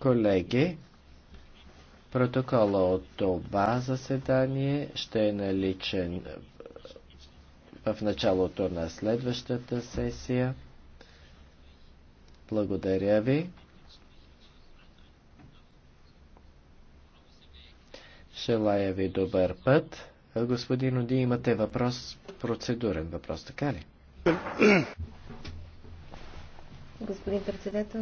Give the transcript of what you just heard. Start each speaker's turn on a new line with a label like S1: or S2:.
S1: Колеги, протокола от това заседание ще е наличен е, в началото на следващата сесия. Благодаря ви. Желая ви добър път. Господин Оди, имате въпрос, процедурен въпрос, така ли?
S2: Господин председател,